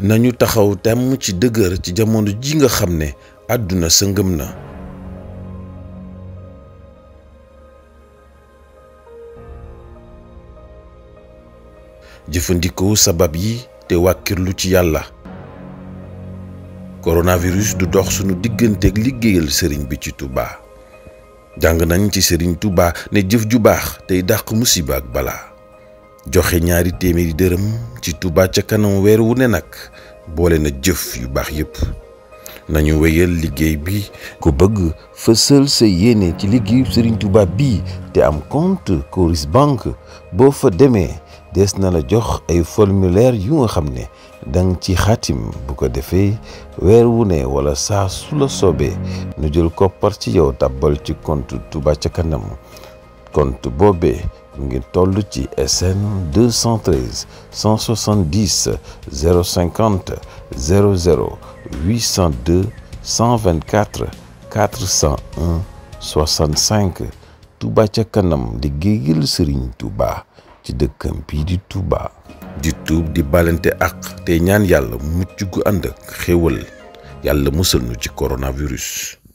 nañu taxaw temm ci dëgër ci jamono ji nga xam ne àdduna sëngëm na jëfandikoo sabab yi te wàkkirlu ci yàlla koronavirus du dox sunu digganteeg liggéeyal sëriñ bi ci Touba jàng nañ ci sëriñ Touba ne jëf ju baax tey dàq musiba ak balaa joxe ñaari téeméeri dërëm ci Touba ca kanam weer wu ne nag boole na jëf yu baax yépp nañu wéyal liggéey bi ku bëgg fësal sa yéene ci liggéeyu Serigne Touba bi te am compte Coris Bank boo fa demee des na la jox ay formuleer yu nga xam ne dang ci xaatim bu ko defee weer wu ne wala saa la soobee nu jël koppar ci yow tàbbal ci compte Touba ca kanam compte boobee ngir ngi toll ci SN 213 170 050 00 802 124 401 65 Touba ca kanam di géegil Sëriñ Touba ci dëkkam bii di Touba. di tuub di balante ak te ñaan yàlla mu gu ànd ak xéwal yàlla musal nu ci coronavirus.